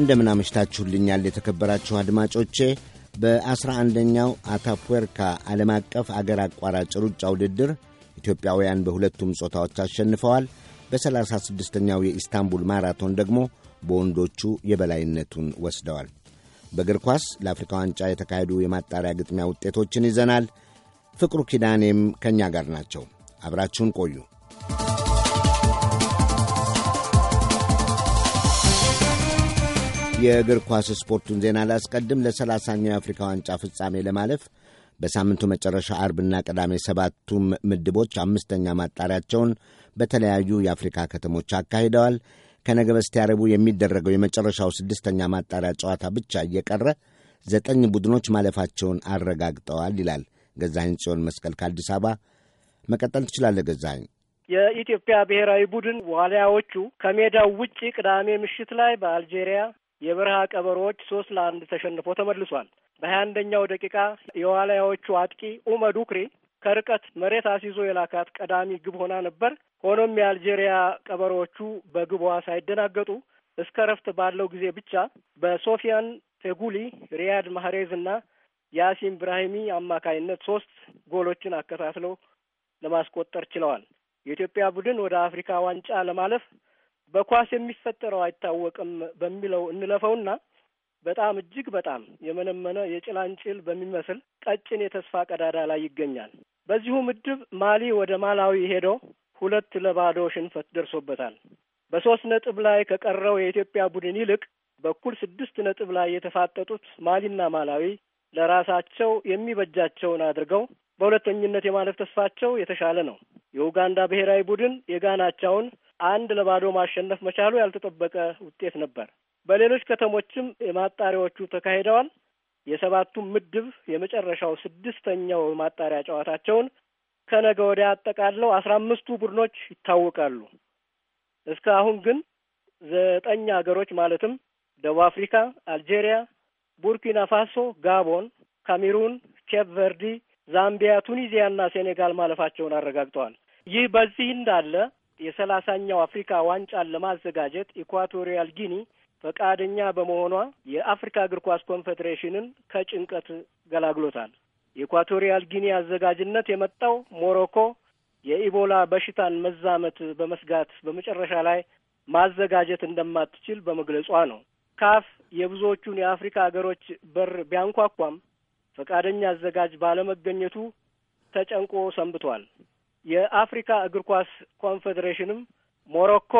እንደምናመሽታችሁልኛል የተከበራችሁ አድማጮቼ። በ11ኛው አታፑዌርካ ዓለም አቀፍ አገር አቋራጭ ሩጫ ውድድር ኢትዮጵያውያን በሁለቱም ጾታዎች አሸንፈዋል። 36 የኢስታንቡል ማራቶን ደግሞ በወንዶቹ የበላይነቱን ወስደዋል። በእግር ኳስ ለአፍሪካ ዋንጫ የተካሄዱ የማጣሪያ ግጥሚያ ውጤቶችን ይዘናል። ፍቅሩ ኪዳኔም ከእኛ ጋር ናቸው። አብራችሁን ቆዩ። የእግር ኳስ ስፖርቱን ዜና ላስቀድም። ለሰላሳኛው የአፍሪካ ዋንጫ ፍጻሜ ለማለፍ በሳምንቱ መጨረሻ አርብና ቅዳሜ ሰባቱም ምድቦች አምስተኛ ማጣሪያቸውን በተለያዩ የአፍሪካ ከተሞች አካሂደዋል። ከነገ በስቲያ ረቡዕ የሚደረገው የመጨረሻው ስድስተኛ ማጣሪያ ጨዋታ ብቻ እየቀረ ዘጠኝ ቡድኖች ማለፋቸውን አረጋግጠዋል ይላል ገዛኝ ጽዮን መስቀል ከአዲስ አበባ። መቀጠል ትችላለህ ገዛኝ የኢትዮጵያ ብሔራዊ ቡድን ዋሊያዎቹ ከሜዳው ውጪ ቅዳሜ ምሽት ላይ በአልጄሪያ የበረሃ ቀበሮዎች ሶስት ለአንድ ተሸንፎ ተመልሷል። በሀያ አንደኛው ደቂቃ የዋልያዎቹ አጥቂ ኡመድ ዱክሪ ከርቀት መሬት አስይዞ የላካት ቀዳሚ ግብ ሆና ነበር። ሆኖም የአልጄሪያ ቀበሮዎቹ በግቧ ሳይደናገጡ እስከ ረፍት ባለው ጊዜ ብቻ በሶፊያን ቴጉሊ፣ ሪያድ ማህሬዝ እና ያሲን ብራሂሚ አማካይነት ሶስት ጎሎችን አከታትለው ለማስቆጠር ችለዋል። የኢትዮጵያ ቡድን ወደ አፍሪካ ዋንጫ ለማለፍ በኳስ የሚፈጠረው አይታወቅም በሚለው እንለፈውና በጣም እጅግ በጣም የመነመነ የጭላንጭል በሚመስል ቀጭን የተስፋ ቀዳዳ ላይ ይገኛል። በዚሁ ምድብ ማሊ ወደ ማላዊ ሄዶ ሁለት ለባዶ ሽንፈት ደርሶበታል። በሶስት ነጥብ ላይ ከቀረው የኢትዮጵያ ቡድን ይልቅ በኩል ስድስት ነጥብ ላይ የተፋጠጡት ማሊና ማላዊ ለራሳቸው የሚበጃቸውን አድርገው በሁለተኝነት የማለፍ ተስፋቸው የተሻለ ነው። የኡጋንዳ ብሔራዊ ቡድን የጋናቻውን አንድ ለባዶ ማሸነፍ መቻሉ ያልተጠበቀ ውጤት ነበር። በሌሎች ከተሞችም የማጣሪያዎቹ ተካሂደዋል። የሰባቱም ምድብ የመጨረሻው ስድስተኛው ማጣሪያ ጨዋታቸውን ከነገ ወዲያ አጠቃለው አስራ አምስቱ ቡድኖች ይታወቃሉ። እስከ አሁን ግን ዘጠኝ ሀገሮች ማለትም ደቡብ አፍሪካ፣ አልጄሪያ፣ ቡርኪና ፋሶ፣ ጋቦን፣ ካሜሩን፣ ኬፕ ቨርዲ፣ ዛምቢያ፣ ቱኒዚያ እና ሴኔጋል ማለፋቸውን አረጋግጠዋል። ይህ በዚህ እንዳለ የሰላሳኛው አፍሪካ ዋንጫን ለማዘጋጀት ኢኳቶሪያል ጊኒ ፈቃደኛ በመሆኗ የአፍሪካ እግር ኳስ ኮንፌዴሬሽንን ከጭንቀት ገላግሎታል። የኢኳቶሪያል ጊኒ አዘጋጅነት የመጣው ሞሮኮ የኢቦላ በሽታን መዛመት በመስጋት በመጨረሻ ላይ ማዘጋጀት እንደማትችል በመግለጿ ነው። ካፍ የብዙዎቹን የአፍሪካ ሀገሮች በር ቢያንኳኳም ፈቃደኛ አዘጋጅ ባለመገኘቱ ተጨንቆ ሰንብቷል። የአፍሪካ እግር ኳስ ኮንፌዴሬሽንም ሞሮኮ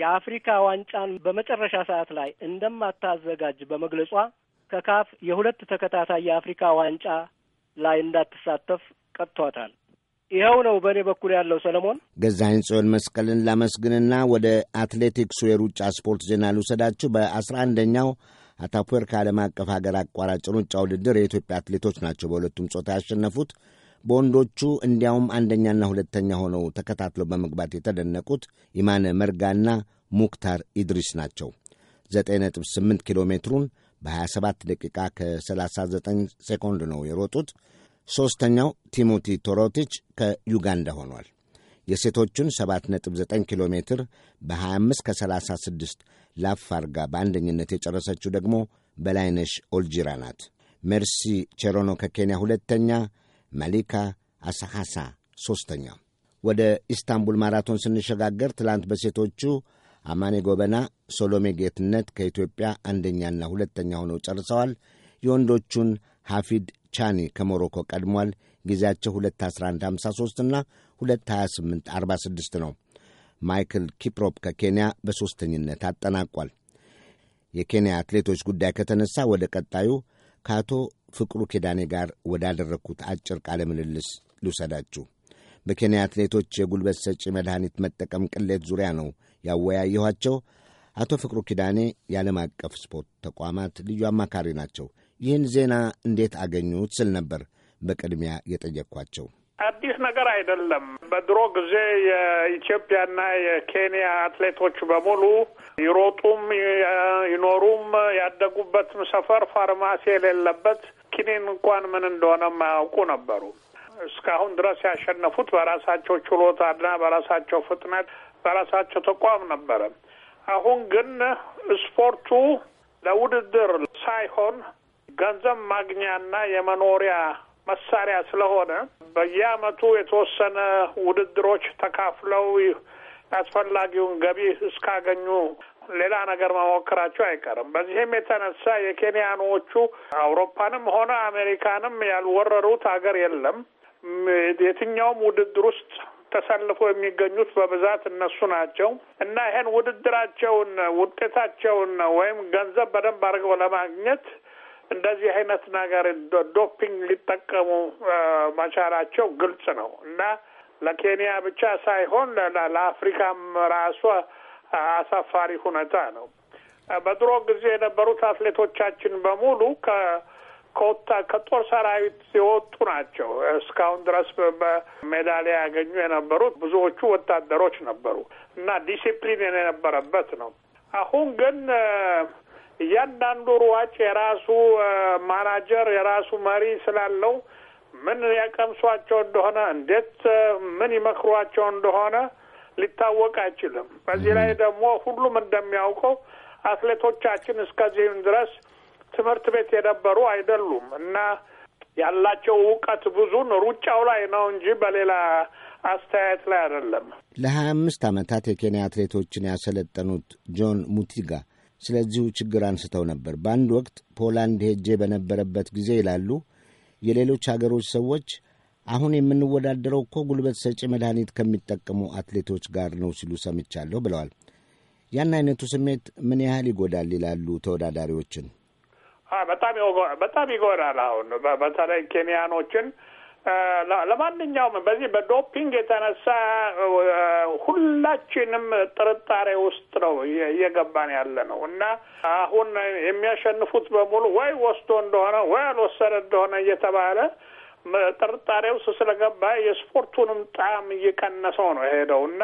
የአፍሪካ ዋንጫን በመጨረሻ ሰዓት ላይ እንደማታዘጋጅ በመግለጿ ከካፍ የሁለት ተከታታይ የአፍሪካ ዋንጫ ላይ እንዳትሳተፍ ቀጥቷታል። ይኸው ነው በእኔ በኩል ያለው። ሰለሞን ገዛኸኝ ጽዮን መስቀልን ላመስግንና ወደ አትሌቲክሱ የሩጫ ስፖርት ዜና ልውሰዳችሁ። በአስራ አንደኛው አታፖር ዓለም አቀፍ ሀገር አቋራጭ ሩጫ ውድድር የኢትዮጵያ አትሌቶች ናቸው በሁለቱም ጾታ ያሸነፉት። በወንዶቹ እንዲያውም አንደኛና ሁለተኛ ሆነው ተከታትለው በመግባት የተደነቁት ኢማነ መርጋና ሙክታር ኢድሪስ ናቸው። 9.8 ኪሎ ሜትሩን በ27 ደቂቃ ከ39 ሴኮንድ ነው የሮጡት። ሦስተኛው ቲሞቲ ቶሮቲች ከዩጋንዳ ሆኗል። የሴቶቹን 7.9 ኪሎ ሜትር በ25 ከ36 ላፋርጋ በአንደኝነት የጨረሰችው ደግሞ በላይነሽ ኦልጂራ ናት። ሜርሲ ቼሮኖ ከኬንያ ሁለተኛ፣ ማሊካ አሳሐሳ ሦስተኛ። ወደ ኢስታንቡል ማራቶን ስንሸጋገር ትላንት በሴቶቹ አማኔ ጎበና፣ ሶሎሜ ጌትነት ከኢትዮጵያ አንደኛና ሁለተኛ ሆነው ጨርሰዋል። የወንዶቹን ሐፊድ ቻኒ ከሞሮኮ ቀድሟል። ጊዜያቸው 21153 እና 22846 ነው። ማይክል ኪፕሮፕ ከኬንያ በሦስተኝነት አጠናቋል። የኬንያ አትሌቶች ጉዳይ ከተነሳ ወደ ቀጣዩ ከአቶ ፍቅሩ ኪዳኔ ጋር ወዳደረግኩት አጭር ቃለ ምልልስ ልውሰዳችሁ። በኬንያ አትሌቶች የጉልበት ሰጪ መድኃኒት መጠቀም ቅሌት ዙሪያ ነው ያወያየኋቸው። አቶ ፍቅሩ ኪዳኔ የዓለም አቀፍ ስፖርት ተቋማት ልዩ አማካሪ ናቸው። ይህን ዜና እንዴት አገኙት ስል ነበር በቅድሚያ የጠየቅኳቸው። አዲስ ነገር አይደለም። በድሮ ጊዜ የኢትዮጵያና የኬንያ አትሌቶች በሙሉ ይሮጡም ይኖሩም ያደጉበትም ሰፈር ፋርማሲ የሌለበት ላቲኒን እንኳን ምን እንደሆነ የማያውቁ ነበሩ። እስካሁን ድረስ ያሸነፉት በራሳቸው ችሎታና በራሳቸው ፍጥነት በራሳቸው ተቋም ነበረ። አሁን ግን ስፖርቱ ለውድድር ሳይሆን ገንዘብ ማግኛና የመኖሪያ መሳሪያ ስለሆነ በየዓመቱ የተወሰነ ውድድሮች ተካፍለው አስፈላጊውን ገቢ እስካገኙ ሌላ ነገር መሞከራቸው አይቀርም። በዚህም የተነሳ የኬንያኖቹ አውሮፓንም ሆነ አሜሪካንም ያልወረሩት ሀገር የለም። የትኛውም ውድድር ውስጥ ተሰልፎ የሚገኙት በብዛት እነሱ ናቸው እና ይሄን ውድድራቸውን ውጤታቸውን ወይም ገንዘብ በደንብ አድርገው ለማግኘት እንደዚህ አይነት ነገር ዶፒንግ ሊጠቀሙ መቻላቸው ግልጽ ነው እና ለኬንያ ብቻ ሳይሆን ለአፍሪካም ራሷ አሳፋሪ ሁኔታ ነው። በድሮ ጊዜ የነበሩት አትሌቶቻችን በሙሉ ከወታ ከጦር ሰራዊት የወጡ ናቸው። እስካሁን ድረስ በሜዳሊያ ያገኙ የነበሩት ብዙዎቹ ወታደሮች ነበሩ እና ዲሲፕሊን የነበረበት ነው። አሁን ግን እያንዳንዱ ሯጭ የራሱ ማናጀር የራሱ መሪ ስላለው ምን ያቀምሷቸው እንደሆነ እንዴት ምን ይመክሯቸው እንደሆነ ሊታወቅ አይችልም። በዚህ ላይ ደግሞ ሁሉም እንደሚያውቀው አትሌቶቻችን እስከዚህም ድረስ ትምህርት ቤት የነበሩ አይደሉም እና ያላቸው እውቀት ብዙን ሩጫው ላይ ነው እንጂ በሌላ አስተያየት ላይ አይደለም። ለሀያ አምስት ዓመታት የኬንያ አትሌቶችን ያሰለጠኑት ጆን ሙቲጋ ስለዚሁ ችግር አንስተው ነበር። በአንድ ወቅት ፖላንድ ሄጄ በነበረበት ጊዜ ይላሉ የሌሎች አገሮች ሰዎች አሁን የምንወዳደረው እኮ ጉልበት ሰጪ መድኃኒት ከሚጠቀሙ አትሌቶች ጋር ነው ሲሉ ሰምቻለሁ ብለዋል። ያን አይነቱ ስሜት ምን ያህል ይጎዳል ይላሉ ተወዳዳሪዎችን? በጣም ይጎዳል። አሁን በተለይ ኬንያኖችን ለማንኛውም በዚህ በዶፒንግ የተነሳ ሁላችንም ጥርጣሬ ውስጥ ነው እየገባን ያለ ነው እና አሁን የሚያሸንፉት በሙሉ ወይ ወስዶ እንደሆነ ወይ አልወሰደ እንደሆነ እየተባለ ጥርጣሬ ስለገባ የስፖርቱንም ጣዕም እየቀነሰው ነው የሄደው እና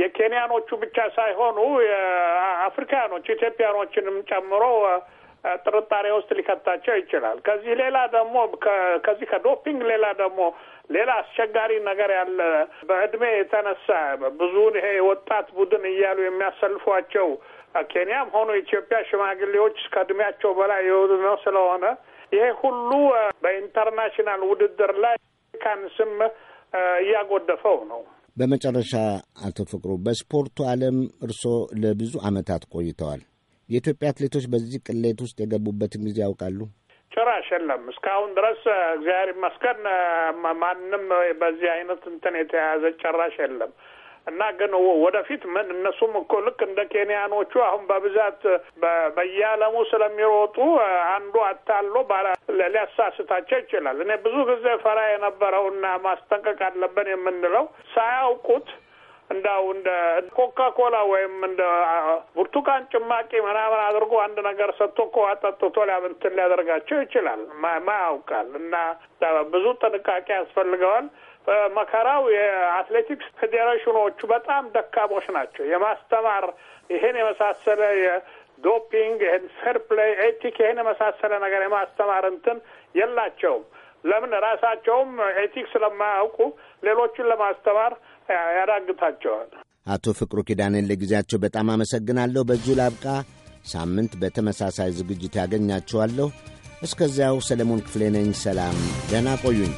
የኬንያኖቹ ብቻ ሳይሆኑ የአፍሪካኖች ኢትዮጵያኖችንም ጨምሮ ጥርጣሬ ውስጥ ሊከታቸው ይችላል። ከዚህ ሌላ ደግሞ ከዚህ ከዶፒንግ ሌላ ደግሞ ሌላ አስቸጋሪ ነገር ያለ በእድሜ የተነሳ ብዙውን ይሄ ወጣት ቡድን እያሉ የሚያሰልፏቸው ኬንያም ሆኖ ኢትዮጵያ ሽማግሌዎች ከእድሜያቸው በላይ የወዱ ነው ስለሆነ ይሄ ሁሉ በኢንተርናሽናል ውድድር ላይ ካን ስም እያጎደፈው ነው። በመጨረሻ አቶ ፍቅሩ በስፖርቱ ዓለም እርስዎ ለብዙ ዓመታት ቆይተዋል። የኢትዮጵያ አትሌቶች በዚህ ቅሌት ውስጥ የገቡበትን ጊዜ ያውቃሉ? ጭራሽ የለም። እስካሁን ድረስ እግዚአብሔር ይመስገን ማንም በዚህ አይነት እንትን የተያያዘ ጭራሽ የለም። እና ግን ወደፊት ምን እነሱም እኮ ልክ እንደ ኬንያኖቹ አሁን በብዛት በየዓለሙ ስለሚሮጡ አንዱ አታሎ ሊያሳስታቸው ይችላል። እኔ ብዙ ጊዜ ፈራ የነበረውና ማስጠንቀቅ አለብን የምንለው ሳያውቁት እንዳው እንደ ኮካ ኮላ ወይም እንደ ብርቱካን ጭማቂ ምናምን አድርጎ አንድ ነገር ሰጥቶ እኮ አጠጥቶ ሊያብንትን ሊያደርጋቸው ይችላል። ማያውቃል እና ብዙ ጥንቃቄ ያስፈልገዋል። መከራው የአትሌቲክስ ፌዴሬሽኖቹ በጣም ደካሞች ናቸው። የማስተማር ይህን የመሳሰለ የዶፒንግ ይህን ፌር ፕሌይ ኤቲክ ይህን የመሳሰለ ነገር የማስተማር እንትን የላቸውም። ለምን ራሳቸውም ኤቲክ ስለማያውቁ ሌሎችን ለማስተማር ያዳግታቸዋል። አቶ ፍቅሩ ኪዳኔን ለጊዜያቸው በጣም አመሰግናለሁ። በዚሁ ላብቃ። ሳምንት በተመሳሳይ ዝግጅት ያገኛችኋለሁ። እስከዚያው ሰለሞን ክፍሌ ነኝ። ሰላም፣ ደህና ቆዩኝ።